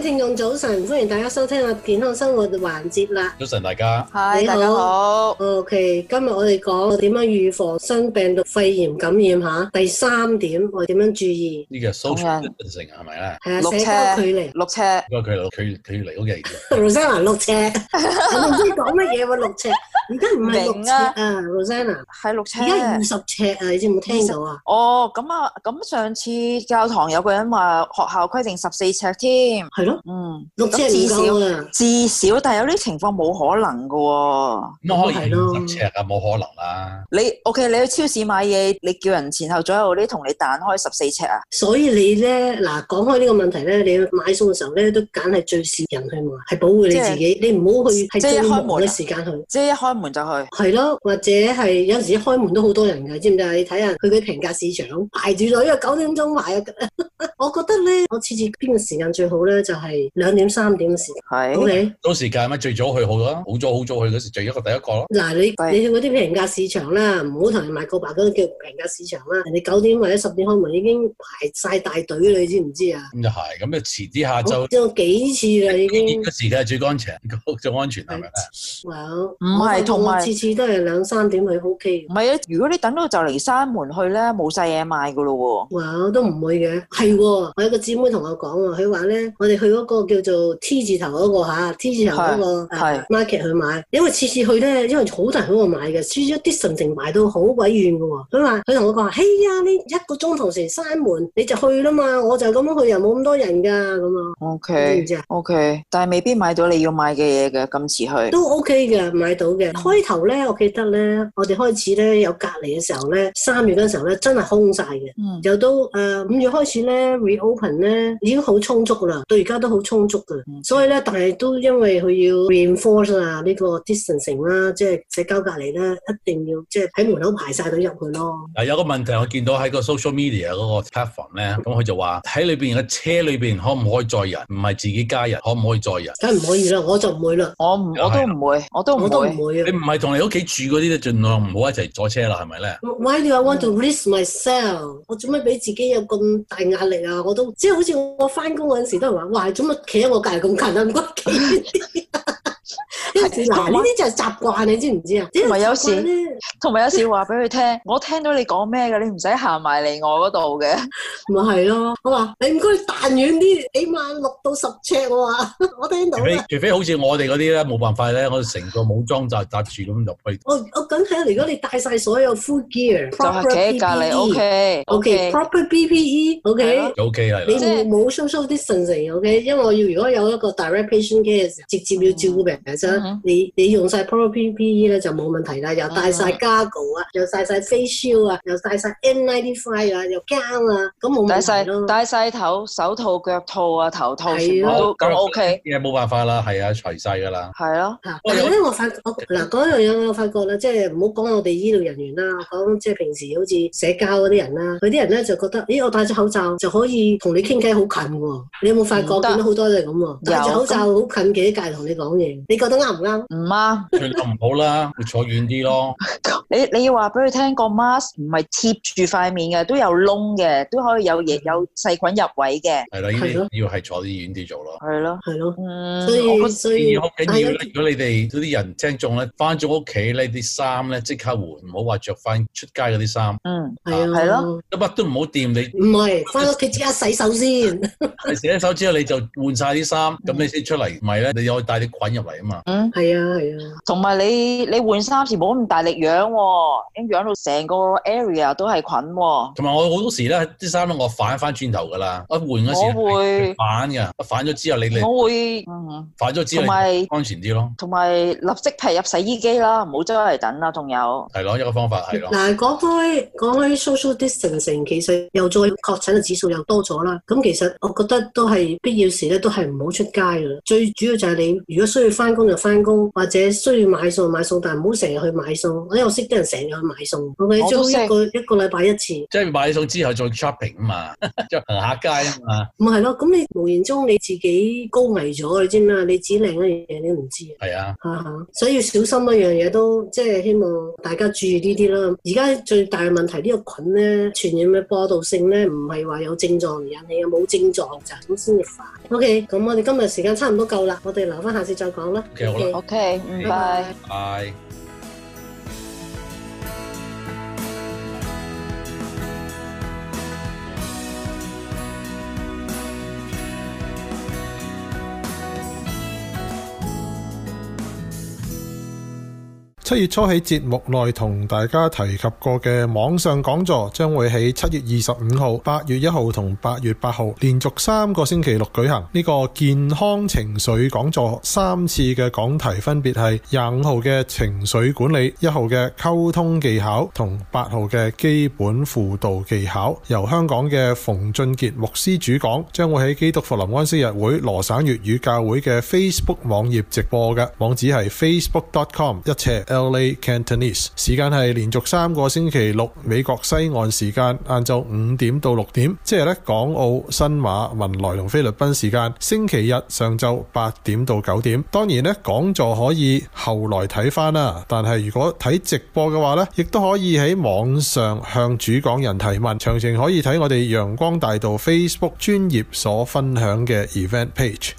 聽眾早晨，歡迎大家收聽下健康生活嘅環節啦。早晨大家，你好。OK，今日我哋講點樣預防新病毒肺炎感染吓，第三點我哋點樣注意？呢個 social distancing 係咪咧？係啊，社交距離六尺。不過佢六，佢佢離好嘅嚟嘅。Rosanna 六尺，我唔知講乜嘢喎。六尺，而家唔係六尺啊，Rosanna，係六尺。而家二十尺啊，你知唔聽到啊？哦，咁啊，咁上次教堂有個人話學校規定十四尺添。嗯，六尺至少，至少，但係有啲情況冇可能噶喎，咁啊，係咯，六尺啊冇可能啦。你 OK？你去超市買嘢，你叫人前後左右啲同你彈開十四尺啊？所以你咧，嗱，講開呢個問題咧，你買餸嘅時候咧，都揀係最少人去嘛，係保護你自己，是你唔好去，即係一開門嘅時間去，即係一開門就去，係咯，或者係有時一開門都好多人噶，知唔知？你睇下佢嘅平價市場排住隊啊，九點鐘買啊， 我覺得咧，我次次邊個時間最好咧就是。係兩點三點時，OK，多時間咩？最早去好啦，好早好早去嗰時，就一個第一個咯。嗱，你你去嗰啲平價市場啦，唔好同人買個白雞叫平價市場啦。人哋九點或者十點開門已經排晒大隊啦，你知唔知啊？咁就係咁，就遲啲下晝。即見幾次啦，已經呢個時間係最乾淨，最安全係咪啊？唔係同埋次次都係兩三點去。OK 唔係啊，如果你等到就嚟閂門去咧，冇晒嘢賣㗎咯喎。冇都唔會嘅，係喎。我有個姊妹同我講喎，佢話咧，我哋去。佢嗰個叫做 T 字頭嗰個、啊、是 T 字頭嗰個、啊、是 market 去買，是因為次次去咧，因為好多人喺度買嘅，輸一啲神淨買到好鬼遠嘅喎、啊。佢話佢同我講話，嘿呀，呢一個鐘頭時閂門，你就去啦嘛，我就咁樣去又冇咁多人㗎咁啊。O Okay , K，知唔知啊？O K，但係未必買到你要買嘅嘢嘅，今次去都 O K 嘅，買到嘅。開頭咧，我記得咧，我哋開始咧有隔離嘅時候咧，三月嗰陣時候咧，真係空晒嘅，又、嗯、都誒五、呃、月開始咧 reopen 咧，已經好充足啦，到而家。都好充足嘅，嗯、所以咧，但係都因為佢要 reinforce 啊，呢、呢個 distancing 啦，即係社交隔離咧，一定要即係喺門口排晒隊入去咯。有個問題，我見到喺個 social media 嗰個 platform 咧，咁佢、嗯、就話喺裏面，嘅車裏面，可唔可以載人？唔係自己家人，可唔可以載人？梗係唔可以啦，我就唔會啦，我唔的我都唔會我都唔會。你唔係同你屋企住嗰啲咧，儘量唔好一齊坐車啦，係咪咧？Why do I want to risk myself？、嗯、我做咩俾自己有咁大壓力啊？我都即係好似我翻工嗰陣時都係話，哇！做乜企喺我隔籬咁近啊？唔該，企遠啲。嗱，呢啲就係習慣，你知唔知啊？即係有時。同埋有時話俾佢聽，我聽到你講咩嘅，你唔使行埋嚟我嗰度嘅，咪係咯。我話你唔該彈遠啲，起碼六到十尺喎。我聽到啦。除非好似我哋嗰啲咧，冇辦法咧，我成個武裝紮紮住咁入去。我我梗係，如果你帶曬所有 full gear，就係企喺隔籬，proper PPE，OK OK proper PPE，OK OK 係。你冇 social distancing，OK，因為我要如果有一個 direct patient care，直接要照顧病人先。你你用曬 proper PPE 咧就冇問題啦，又帶曬。啊，又晒晒 face shield 啊，又晒晒 N95 啊，又膠啊，咁我戴曬，戴晒頭手套腳套啊，頭套，咁 OK，嘢冇辦法啦，係啊，除晒㗎啦，係咯。嗱，嗰啲我發嗱，嗰樣嘢我發覺咧，即係唔好講我哋、就是、醫療人員啦，講即係平時好似社交嗰啲人啦，佢啲人咧就覺得，咦，我戴咗口罩就可以同你傾偈好近喎，你有冇發覺行見到好多都係咁戴住口罩好近幾界同你講嘢，你覺得啱唔啱？唔啱媽，傳授唔好啦，要 坐遠啲咯。你你要話俾佢聽個 mask 唔係貼住塊面嘅，都有窿嘅，都可以有嘢有細菌入位嘅。係啦，要要係坐醫院啲做咯。係咯，係咯，嗯所。所以好緊要的如果你哋嗰啲人聽眾咧，翻咗屋企呢啲衫咧即刻換，唔好話着翻出街嗰啲衫。嗯，係啊，係咯的，乜都唔好掂你。唔係，翻屋企即刻洗手先。你 洗咗手之後你換、嗯你，你就換晒啲衫，咁、嗯、你先出嚟。咪咧，你又可以帶啲菌入嚟啊嘛。嗯，係啊，係啊，同埋你你換衫時冇咁大力樣。喎，咁喺度成個 area 都係菌喎、哦。同埋我好多時咧，啲衫我反翻轉頭噶啦，一換嗰時，我，時我會反噶、哎，反咗之後你、嗯、了之後你，我會反咗之後咪安全啲咯，同埋立即皮入洗衣機啦，唔好周圍等啦，仲有係咯一個方法係咯。嗱講開講開 social distancing，其實又再確診嘅指數又多咗啦。咁其實我覺得都係必要時咧，都係唔好出街噶。最主要就係你如果需要翻工就翻工，或者需要買餸買餸，但唔好成日去買餸。識啲人成日去買餸，我哋一個一個禮拜一次。即係買餸之後再 shopping 啊嘛，再行下街啊嘛。唔係咯，咁你無形中你自己高危咗，你知啦。你自己靚一樣嘢你都唔知。係啊。嚇嚇、啊，所以要小心一樣嘢，都即係希望大家注意呢啲啦。而家最大嘅問題呢個菌咧，傳染嘅波動性咧，唔係話有症狀而引起，有冇症狀就咁先至快。OK，咁我哋今日時間差唔多夠啦，我哋留翻下，下次再講啦。OK，拜拜。七月初喺節目內同大家提及過嘅網上講座將，將會喺七月二十五號、八月一號同八月八號連續三個星期六舉行呢、這個健康情緒講座。三次嘅講題分別係廿五號嘅情緒管理、一號嘅溝通技巧同八號嘅基本輔導技巧，由香港嘅馮俊傑牧師主講，將會喺基督復臨安息日會羅省粵語教會嘅 Facebook 網頁直播嘅網址係 facebook.com 一切。l a Cantonese 時間係連續三個星期六美國西岸時間晏晝五點到六點，即係咧港澳新馬文萊同菲律賓時間星期日上晝八點到九點。當然咧，講座可以後來睇翻啦，但係如果睇直播嘅話咧，亦都可以喺網上向主講人提問。詳情可以睇我哋陽光大道 Facebook 專頁所分享嘅 Event Page。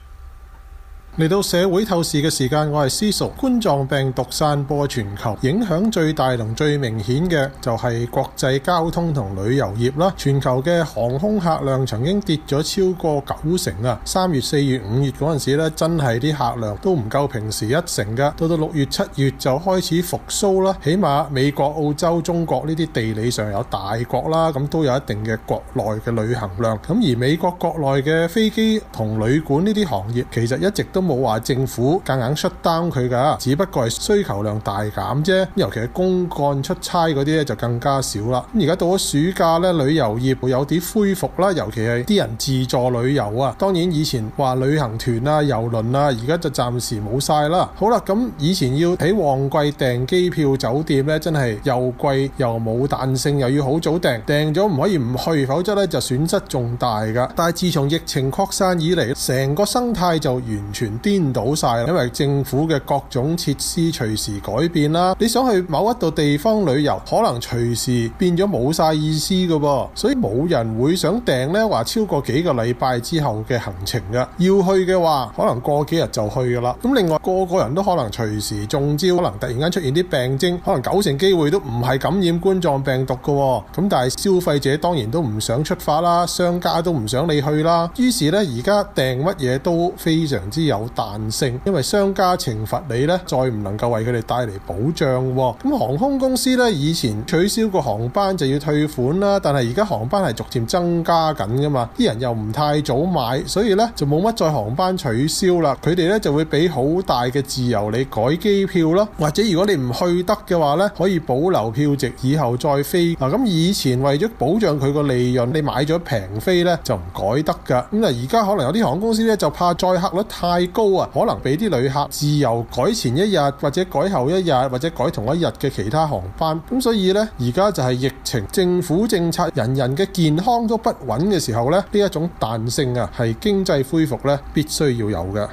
嚟到社會透視嘅時間，我係司徒。冠狀病毒散播全球，影響最大同最明顯嘅就係國際交通同旅遊業啦。全球嘅航空客量曾經跌咗超過九成啊！三月、四月、五月嗰陣時咧，真係啲客量都唔夠平時一成㗎。到到六月、七月就開始復甦啦。起碼美國、澳洲、中國呢啲地理上有大國啦，咁都有一定嘅國內嘅旅行量。咁而美國國內嘅飛機同旅館呢啲行業，其實一直都冇話政府夾硬出擔佢㗎，只不過係需求量大減啫。尤其係公幹出差嗰啲咧就更加少啦。咁而家到咗暑假咧，旅遊業會有啲恢復啦，尤其係啲人自助旅遊啊。當然以前話旅行團啊、郵輪啊，而家就暫時冇晒啦。好啦，咁以前要喺旺季訂機票、酒店咧，真係又貴又冇彈性，又要好早訂，訂咗唔可以唔去，否則咧就損失重大㗎。但係自從疫情擴散以嚟，成個生態就完全。顛倒晒，因為政府嘅各種設施隨時改變啦，你想去某一度地方旅遊，可能隨時變咗冇晒意思嘅噃。所以冇人會想訂呢話超過幾個禮拜之後嘅行程嘅，要去嘅話，可能過幾日就去噶啦。咁另外個個人都可能隨時中招，可能突然間出現啲病徵，可能九成機會都唔係感染冠狀病毒噶。咁但係消費者當然都唔想出發啦，商家都唔想你去啦。於是咧，而家訂乜嘢都非常之有。有彈性，因為商家懲罰你咧，再唔能夠為佢哋帶嚟保障。咁航空公司咧，以前取消個航班就要退款啦，但係而家航班係逐漸增加緊㗎嘛，啲人又唔太早買，所以咧就冇乜再航班取消啦。佢哋咧就會俾好大嘅自由你改機票咯，或者如果你唔去得嘅話咧，可以保留票值以後再飛。嗱，咁以前為咗保障佢個利潤，你買咗平飛咧就唔改得㗎。咁啊而家可能有啲航空公司咧就怕載客率太高啊，可能俾啲旅客自由改前一日，或者改後一日，或者改同一日嘅其他航班。咁所以咧，而家就係疫情、政府政策、人人嘅健康都不穩嘅時候咧，呢一種彈性啊，係經濟恢復咧，必須要有嘅。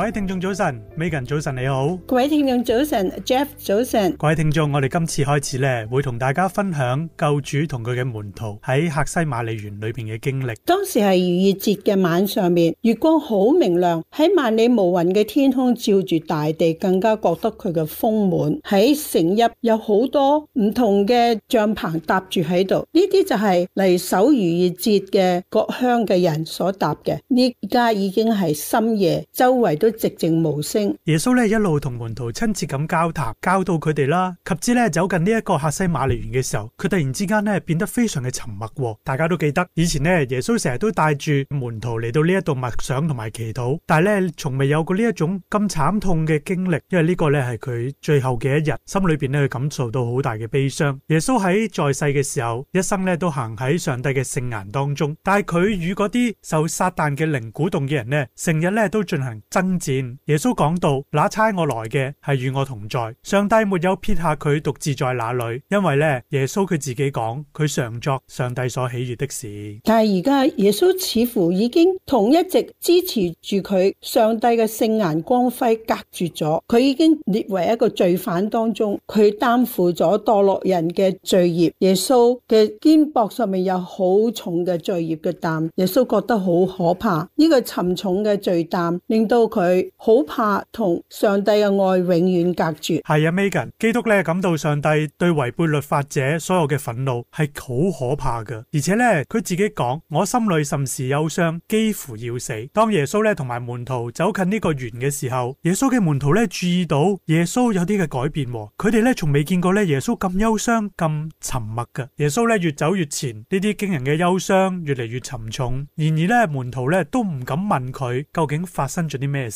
各位聽眾早晨，Megan，早晨你好。各位聽眾早晨，Jeff 早晨。各位聽眾，我哋今次開始咧，會同大家分享救主同佢嘅門徒喺赫西馬里園裏邊嘅經歷。當時係逾越節嘅晚上面，月光好明亮，喺萬里無雲嘅天空照住大地，更加覺得佢嘅豐滿。喺城入有好多唔同嘅帳篷搭住喺度，呢啲就係嚟守逾越節嘅各鄉嘅人所搭嘅。呢家已經係深夜，周圍都寂靜無聲。耶穌呢一路同門徒親切咁交談，教導佢哋啦。及至呢走近呢一個客西馬尼園嘅時候，佢突然之間呢變得非常嘅沉默。大家都記得以前呢，耶穌成日都帶住門徒嚟到呢一度默想同埋祈禱，但係呢從未有過呢一種咁慘痛嘅經歷，因為呢個呢係佢最後嘅一日，心裏邊呢佢感受到好大嘅悲傷。耶穌喺在世嘅時候，一生呢都行喺上帝嘅聖顏當中，但係佢與嗰啲受撒旦嘅靈鼓動嘅人呢，成日呢都進行爭。戰。耶穌講到，那差我來嘅係與我同在，上帝沒有撇下佢獨自在哪裏，因為咧耶穌佢自己講，佢常作上帝所喜悅的事。但係而家耶穌似乎已經同一直支持住佢，上帝嘅聖顏光輝隔絕咗，佢已經列為一個罪犯當中，佢擔負咗墮落人嘅罪孽。耶穌嘅肩膊上面有好重嘅罪孽嘅擔，耶穌覺得好可怕，呢個沉重嘅罪擔令到佢。佢好怕同上帝嘅愛永遠隔絕。係啊，Megan，基督咧感到上帝對違背律法者所有嘅憤怒係好可怕㗎。而且咧，佢自己講：我心裏甚是憂傷，幾乎要死。當耶穌咧同埋門徒走近呢個園嘅時候，耶穌嘅門徒咧注意到耶穌有啲嘅改變。佢哋咧從未見過咧耶穌咁憂傷、咁沉默㗎。耶穌咧越走越前，呢啲驚人嘅憂傷越嚟越沉重。然而咧，門徒咧都唔敢問佢究竟發生咗啲咩。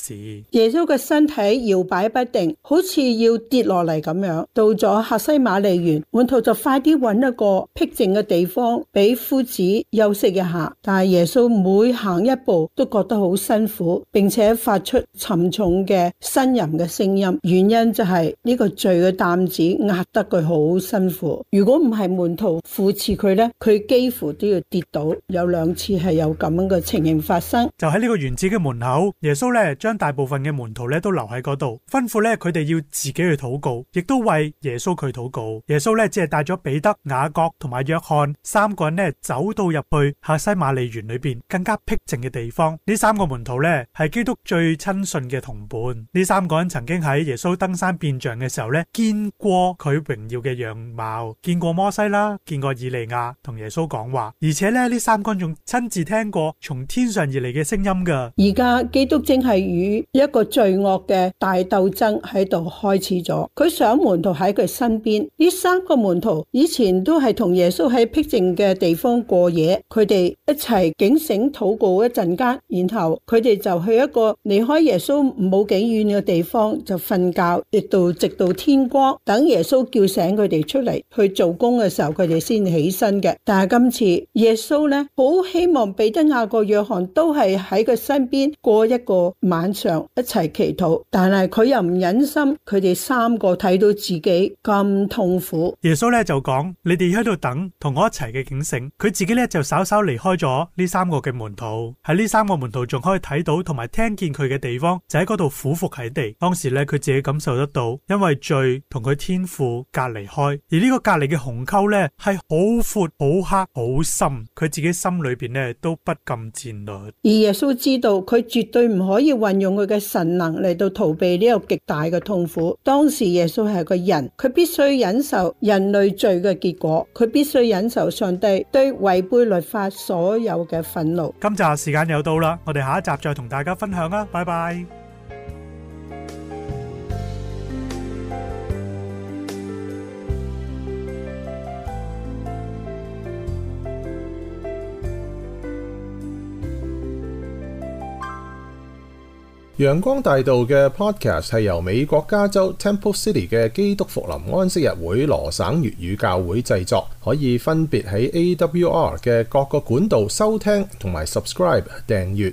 耶穌嘅身體搖擺不定，好似要跌落嚟咁樣。到咗客西馬尼園，門徒就快啲揾一個僻靜嘅地方俾夫子休息一下。但係耶穌每行一步都覺得好辛苦，並且發出沉重嘅呻吟嘅聲音。原因就係呢個罪嘅擔子壓得佢好辛苦。如果唔係門徒扶持佢呢，佢幾乎都要跌倒。有兩次係有咁樣嘅情形發生，就喺呢個園子嘅門口，耶穌呢。將大部分嘅門徒咧都留喺嗰度，吩咐咧佢哋要自己去禱告，亦都為耶穌去禱告。耶穌咧只係帶咗彼得、雅各同埋約翰三個人咧走到入去客西馬尼園裏邊更加僻靜嘅地方。呢三個門徒咧係基督最親信嘅同伴。呢三個人曾經喺耶穌登山變像嘅時候咧見過佢榮耀嘅樣貌，見過摩西啦，見過以利亞同耶穌講話，而且咧呢這三個人仲親自聽過從天上而嚟嘅聲音噶。而家基督正係。與一個罪惡嘅大鬥爭喺度開始咗。佢上門徒喺佢身邊，呢三個門徒以前都係同耶穌喺僻靜嘅地方過夜，佢哋一齊警醒禱告一陣間，然後佢哋就去一個離開耶穌冇幾遠嘅地方就瞓覺，直到直到天光，等耶穌叫醒佢哋出嚟去做工嘅時候，佢哋先起身嘅。但係今次耶穌呢，好希望彼得、雅各、約翰都係喺佢身邊過一個晚。晚上一齊祈禱，但係佢又唔忍心，佢哋三個睇到自己咁痛苦。耶穌咧就講：你哋喺度等，同我一齊嘅警醒。佢自己咧就稍稍離開咗呢三個嘅門徒，喺呢三個門徒仲可以睇到同埋聽見佢嘅地方，就喺嗰度俯伏喺地。當時咧佢自己感受得到，因為罪同佢天父隔離開，而呢個隔離嘅鴻溝咧係好闊、好黑、好深，佢自己心裏邊咧都不禁戰慄。而耶穌知道佢絕對唔可以為。用佢嘅神能嚟到逃避呢個極大嘅痛苦。當時耶穌係個人，佢必須忍受人類罪嘅結果，佢必須忍受上帝對違背律法所有嘅憤怒。今集時間又到啦，我哋下一集再同大家分享啦，拜拜。陽光大道嘅 podcast 係由美國加州 Temple City 嘅基督復臨安息日會羅省粵語教會製作，可以分別喺 AWR 嘅各個管道收聽同埋 subscribe 訂閱。